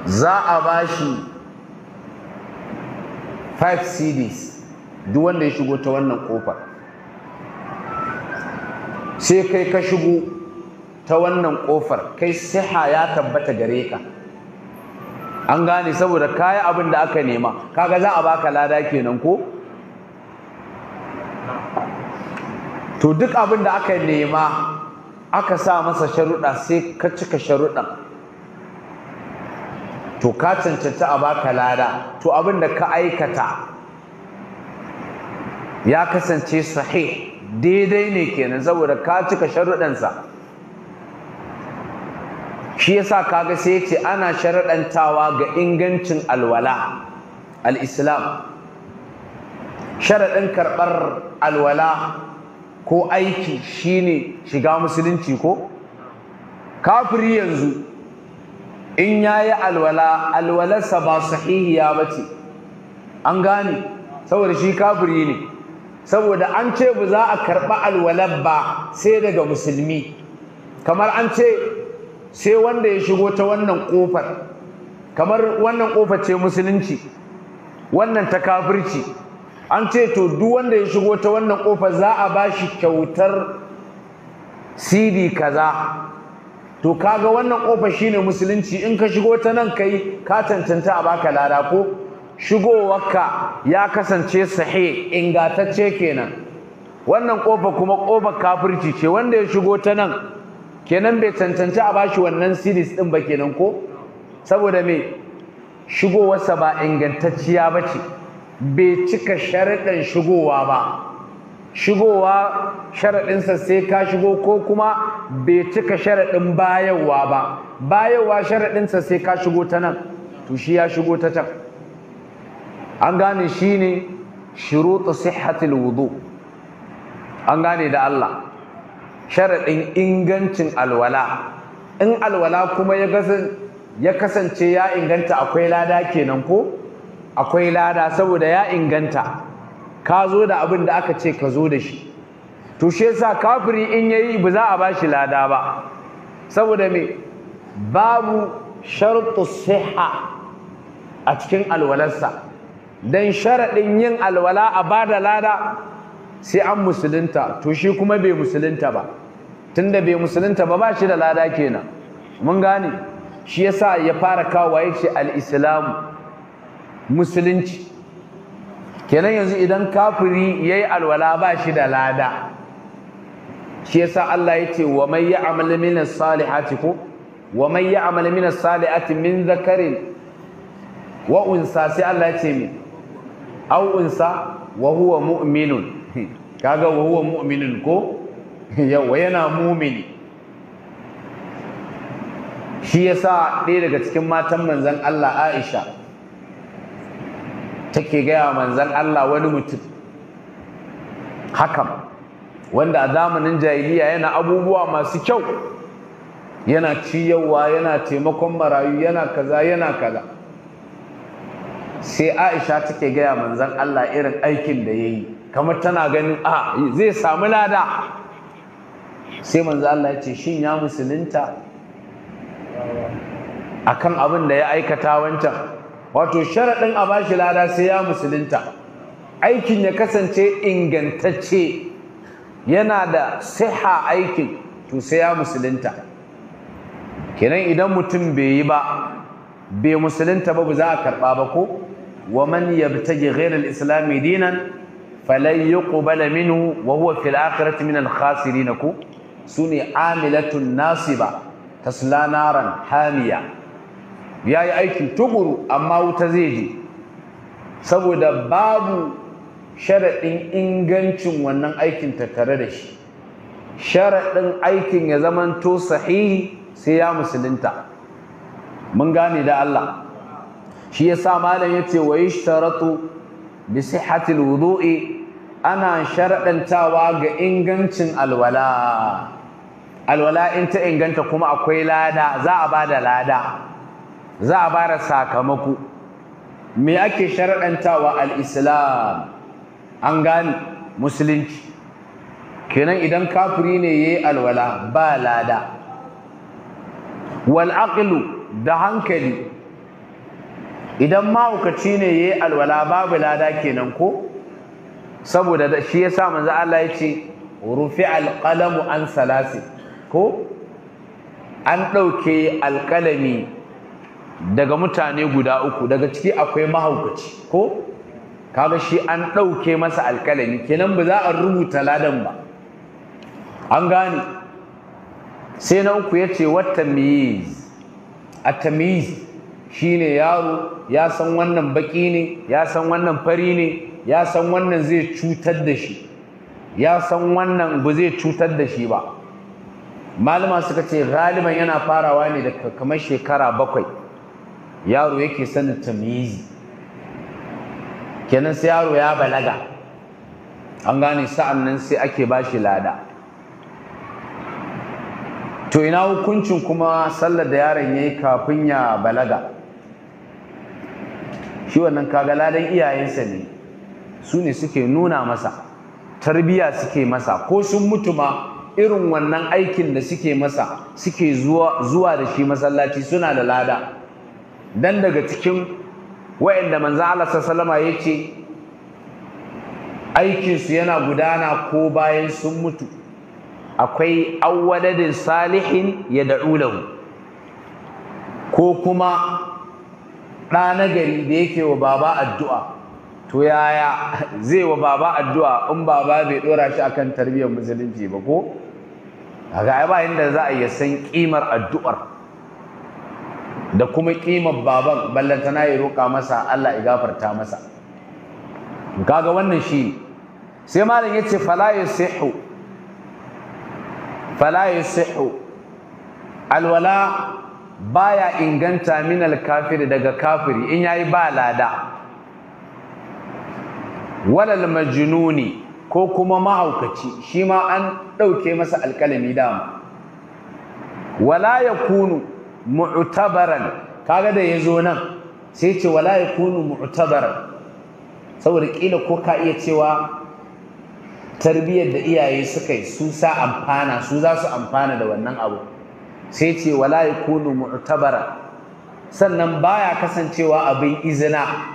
za a bashi 5 CDs duk wanda ya shigo ta wannan kofar sai kai ka shigo ta wannan kofar kai siha ya tabbata gare ka an gane saboda kayi abin da aka nema kaga za a baka lada kenan ko to duk abin da aka nema aka sa masa sharuɗa sai ka cika sharuɗa. to ka cancanta a baka lada to abin da ka aikata ya kasance sahih daidai ne kenan saboda ka cika sharuɗansa shi yasa kaga sai ya ce ana sharaɗantawa ga ingancin alwala al'islam. Sharaɗan sharaɗin karɓar alwala ko aiki shine shiga musulunci ko kafiri yanzu in ya yi alwala alwalarsa ba sahihiya ba ce. an gane saboda shi kafiri ne saboda an ce ba za a karɓi alwalar ba sai daga musulmi kamar an ce sai wanda ya shigo ta wannan ƙofar kamar wannan ƙofar ce musulunci wannan ta kafirci an ce to duk wanda ya shigo ta wannan ƙofar za a ba shi kyautar sidi kaza to kaga wannan ƙofar shine musulunci in ka shigo ta nan kai ka cancanta a baka lada ko shigowarka ya kasance sahi ingatacce kenan wannan kofa kuma kofar kafirci ce wanda ya shigo ta nan kenan bai cancanci a bashi wannan series din ba kenan ko saboda me shigowarsa ba ingantacciya ba ce bai cika sharaɗin shigowa ba shigowa sharaɗinsa sai ka shigo ko kuma bai cika sharaɗin bayarwa ba bayarwa sharaɗinsa sai ka shigo ta nan to shi ya shigo ta can an gane shi ne shirutu sihhatil wudu an gane da Allah sharaɗin ingancin alwala in alwala kuma ya kasance ya inganta akwai lada kenan ko akwai lada saboda ya inganta ka zo da abin da aka ce ka zo da shi to shi yasa kafiri in yayi ba za a ba shi lada ba saboda me babu shartu siha a cikin alwalarsa dan sharaɗin yin alwala a bada lada sai an musulunta to shi kuma bai musulunta ba tunda bai musulunta ba ba shi da lada kenan mun gane shi yasa ya fara kawo ya ce al'islamu musulunci kenan yanzu idan kafiri yayi alwala ba shi da lada shi yasa Allah yace wa mai ya min as salihati ko wa mai ya min as salihati min zakarin wa unsa sai Allah ya ce min aw unsa wa huwa mu'minun kaga wa huwa mu'minun ko yawa yana mumini shi yasa ɗaya daga cikin matan manzon Allah Aisha take gaya manzon Allah wani mutum hakan wanda a zamanin jahiliya yana abubuwa masu kyau yana ciyawa yana taimakon marayu yana kaza yana kaza sai aisha take gaya manzan Allah irin aikin da ya yi kamar tana ganin a ah, zai samu lada sai manzan Allah ya ce shin ya musulunta akan abin da ya aikata wancan wato sharaɗin a bashi lada sai ya musulunta aikin ya kasance ingantacce yana da siha aikin to sai ya musulunta kenan idan mutum bai yi ba bai musulunta ba ba za a karɓa ba ko wa man yabtaji ghayra al-islam dinan falan yuqbala minhu wa huwa fil akhirati min al-khasirin ku sune amilatun nasiba tasla naran hamiya yayi aiki tukuru amma wuta zai je saboda babu sharaɗin ingancin wannan aikin tattare da shi sharaɗin aikin ya zamanto sahihi sai ya musulunta mun gane da Allah shi yasa malam yace wa yashtaratu bi sihhatil wudu'i ana sharadantawa ga ingancin alwala alwala in ta inganta kuma akwai lada za a bada lada za a bada sakamako me ake sharadantawa al an gane musulunci kenan idan kafiri ne yayi alwala ba lada wal aqlu da hankali idan mahaukaci ne ya yi alwala babu lada kenan ko saboda shi ya sa manzo Allah ya ce rufi alƙalamu an salasi ko an ɗauke alƙalami daga mutane guda uku daga ciki akwai mahaukaci ko kaga shi an ɗauke masa alƙalami kenan ba za a rubuta ladan ba an gane sai na uku ya ce wata miyiz a tamiyiz shine yaro ya san wannan baki ne ya san wannan fari ne ya san wannan zai cutar da shi ya san wannan ba zai cutar da shi ba malama suka ce galiban yana farawa ne daga kamar shekara bakwai yaro yake sanin tamizi kenan sai yaro ya balaga an gane sa'an nan sai ake ba shi lada to ina hukuncin kuma sallar da yaron ya yi kafin ya balaga shi wannan kaga ladan iyayensa ne su ne suke nuna masa tarbiya suke masa ko sun mutu ma irin wannan aikin da suke masa suke zuwa zuwa da shi masallaci suna da lada dan daga cikin wa'anda manzo Allah sallama yace aikin su yana gudana ko bayan sun mutu akwai awwaladin salihin ya da'ulahu ko kuma ɗa na gari da yake wa baba addu'a to yaya zai wa baba addu'a in baba bai ɗora shi akan tarbiyyar musulunci ba ko kaga ai ba inda za a ya san kimar addu'ar da kuma kimar baban na ya roƙa masa Allah ya gafarta masa kaga wannan shi sai malam yace fala yasihu fala yasihu alwala baya inganta minal kafiri daga kafiri in yayi ba lada walal majnuni ko kuma mahaukaci shi ma an ɗauke masa alkalami dama wala yakunu mu'tabaran kaga da yazo nan sai ce wala yakunu mu'tabaran saboda kila ko ka iya cewa tarbiyyar da iyaye suka yi su sa amfana su za su amfana da wannan abu sai ce wala yakunu mu'tabara sannan baya kasancewa abin izina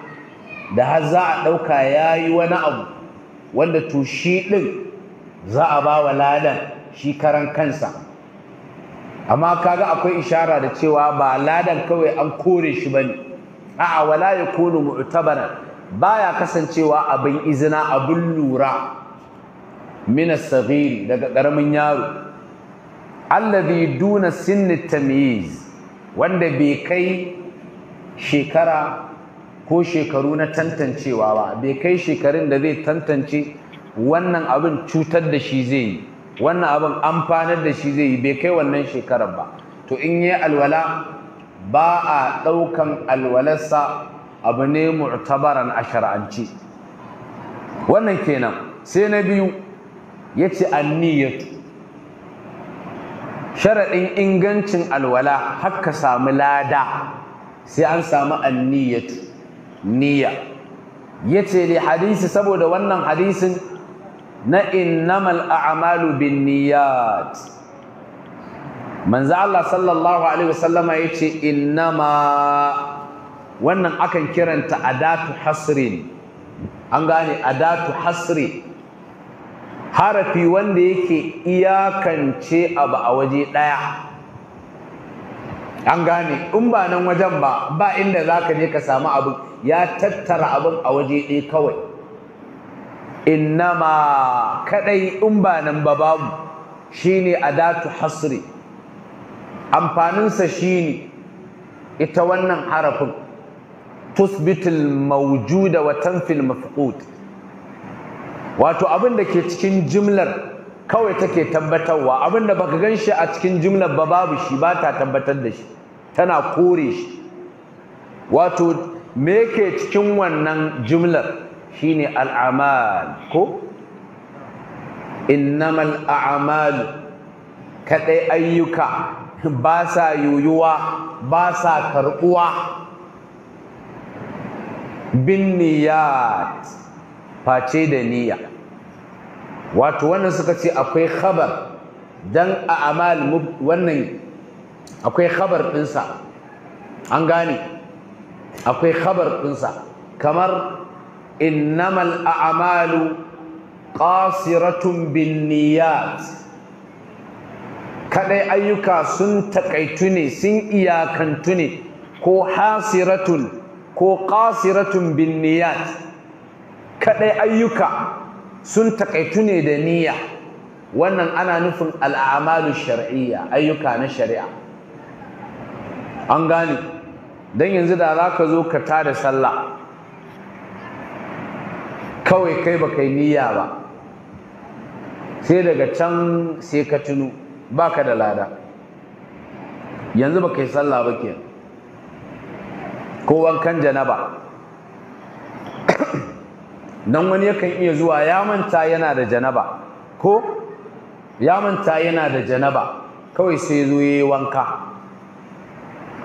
da har za a ɗauka ya yi wani abu wanda to shi din za a ba wa ladan shi karan kansa amma kaga akwai ishara da cewa ba ladan kawai an kore shi bane a'a wala yakunu mu'tabara baya kasancewa abin izina abin lura min as daga ƙaramin yaro allazi duna sinni tamiz wanda bai kai shekara ko shekaru na tantancewa ba bai kai shekarun da zai tantance wannan abin cutar da shi zai yi wannan abin amfanar da shi zai yi bai kai wannan shekarar ba to in yi alwala ba a ɗaukan alwalarsa abu ne mu'tabaran a shara'ance wannan kenan sai na biyu ya ce niyyatu sharaɗin ingancin alwala haka samu lada sai an samu anniyatu niyya yace li hadisi saboda wannan hadisin na innamal a'malu binniyat manzo Allah sallallahu alaihi wasallama yace innama wannan akan kiranta adatu hasrin an gane adatu hasri harafi wanda yake iyakance abu a waje ɗaya an gane in ba nan wajen ba ba inda za ka je ka samu abin ya tattara abin a waje ɗaya kawai innama kaɗai in ba nan ba babu shine adatu hasri amfaninsa shine ita wannan harafin tusbitul mawjuda watan tanfil wato abin da ke cikin jimlar kawai take tabbatarwa abin da baka gan shi a cikin jimlar ba babu shi ba ta tabbatar da shi tana kore shi wato me yake cikin wannan jimlar shine al'amal ko innamal a'mal kadai ayyuka ba sa yuyuwa ba sa karbuwa bin niyat face da niyya wato wannan suka ce akwai khabar dan amal wannan akwai khabar ɗinsa an gane akwai khabar ɗinsa kamar innamal a'malu qasiratun bin niyyat kadai ayyuka sun takaitu ne sun iyakantu ne ko hasiratun ko qasiratun bin niyyat kadai ayyuka sun takaitu ne da niyya wannan ana nufin al'amalu shari'a, ayyuka na shari'a an gane don yanzu da za ka zo ka tada sallah kawai kai ba kai niyya ba sai daga can sai ka tunu, ba ka da lada yanzu ba kai sallah ba ke ko wankan janaba dan wani yakan iya zuwa ya manta yana da janaba ko ya manta yana da janaba kawai sai zo ya yi wanka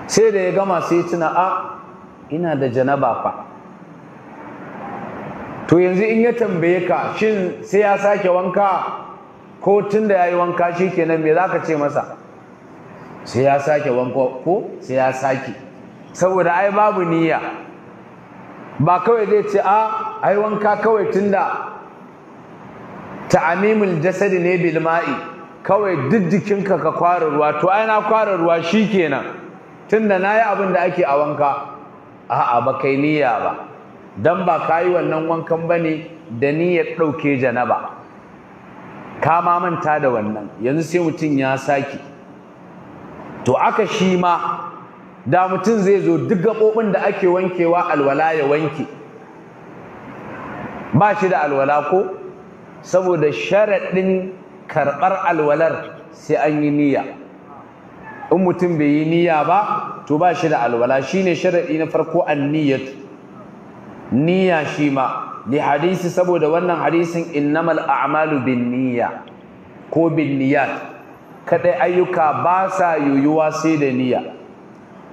sai da ya gama sai tuna a ah, ina da janaba fa to yanzu in ya tambaye ka shin sai ya sake wanka ko tun da ya yi wanka shi shikenan me ka ce masa sai ya sake wanka ko sai ya sake saboda ai babu niyya ba kawai zai ce a ah, ai wanka kawai tunda ta'amimul jasadi ne bil ma'i kawai duk jikinka ka kwara ruwa to ai na kwara ruwa shikenan tunda nayi abin da ake a wanka a'a ba kai niyya ba dan ba kai wannan wankan bane da niyyar dauke janaba ka ma manta da wannan yanzu sai mutun ya saki to aka shi ma da mutun zai zo duk gabobin da ake wankewa alwala ya wanke ba shi da alwala ko saboda sharaɗin karɓar alwalar sai an yi niyya in mutum bai yi niyya ba to ba shi da alwala shine sharaɗi na farko anniyat niyya shi ma li hadisi saboda wannan hadisin innamal a'malu bin niyya ko bin niyyat ayyuka ba sa yuyuwa sai da niyya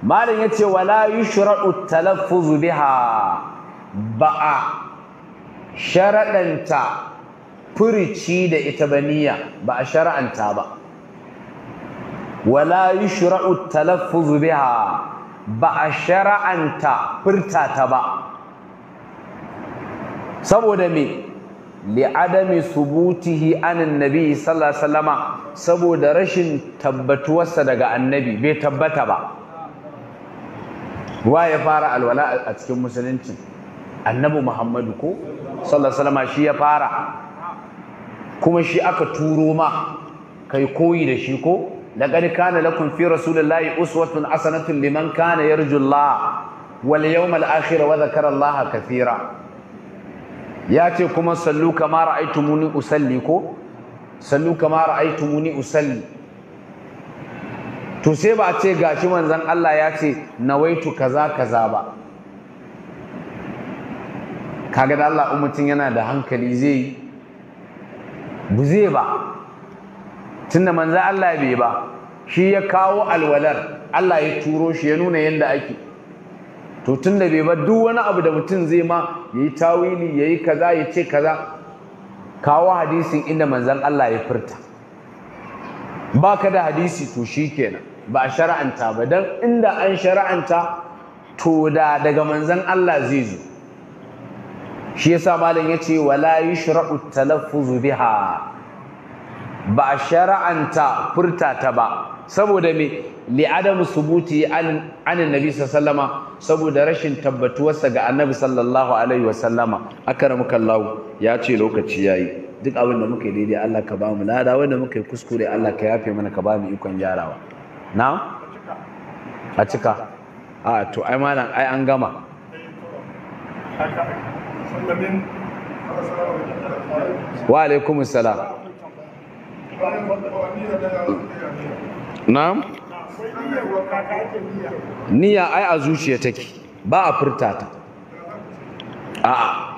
malam yace wala yushra'u talaffuzu biha ba'a sharaɗanta furici da ita ba niyya ba a shara'anta ba wala yushra'u talaffuz biha ba a shara'anta furta ta ba saboda me li'adami subutihi anan nabi sallallahu saboda rashin tabbatuwarsa daga annabi bai tabbata ba wa ya fara alwala a cikin musulunci annabi muhammadu ko sallallahu alaihi shi ya fara kuma shi aka turo ma kai koyi da shi ko laqad kana lakum fi rasulillahi uswatun hasanatun liman kana yarju Allah wal yawmal akhir wa dhakara Allah kathira ya ce kuma sallu kama ra'aytumuni usalli ko sallu kama ra'aytumuni usalli to sai ba a ce gashi manzon Allah ya ce nawaitu kaza kaza ba kaga da Allah mutum yana da hankali zai yi bu zai ba tunda manzo Allah bai ba shi ya kawo alwalar Allah ya turo shi ya nuna yadda ake to tunda bai ba duk wani abu da mutum zai ma yayi tawili yayi kaza ya ce kaza kawo hadisin inda manzon Allah ya furta baka da hadisi to shi kenan. ba a shara'anta ba dan inda an shara'anta to da daga manzon Allah zai zo shi yasa malam ya ce wala yushra'u talaffuz biha ba a shara'anta furta ta ba saboda me li adamu subuti an annabi sallama saboda rashin tabbatuwarsa ga annabi sallallahu alaihi wasallama akramukallahu ya ce lokaci yayi duk abin da muka yi daidai Allah ka ba mu lada wanda muka yi kuskure Allah ka yafe mana ka ba mu ikon gyarawa na a cika a to ai malam ai an gama wa alaikum salam na'am niyya ai a zuciya take ba a furta ta a'a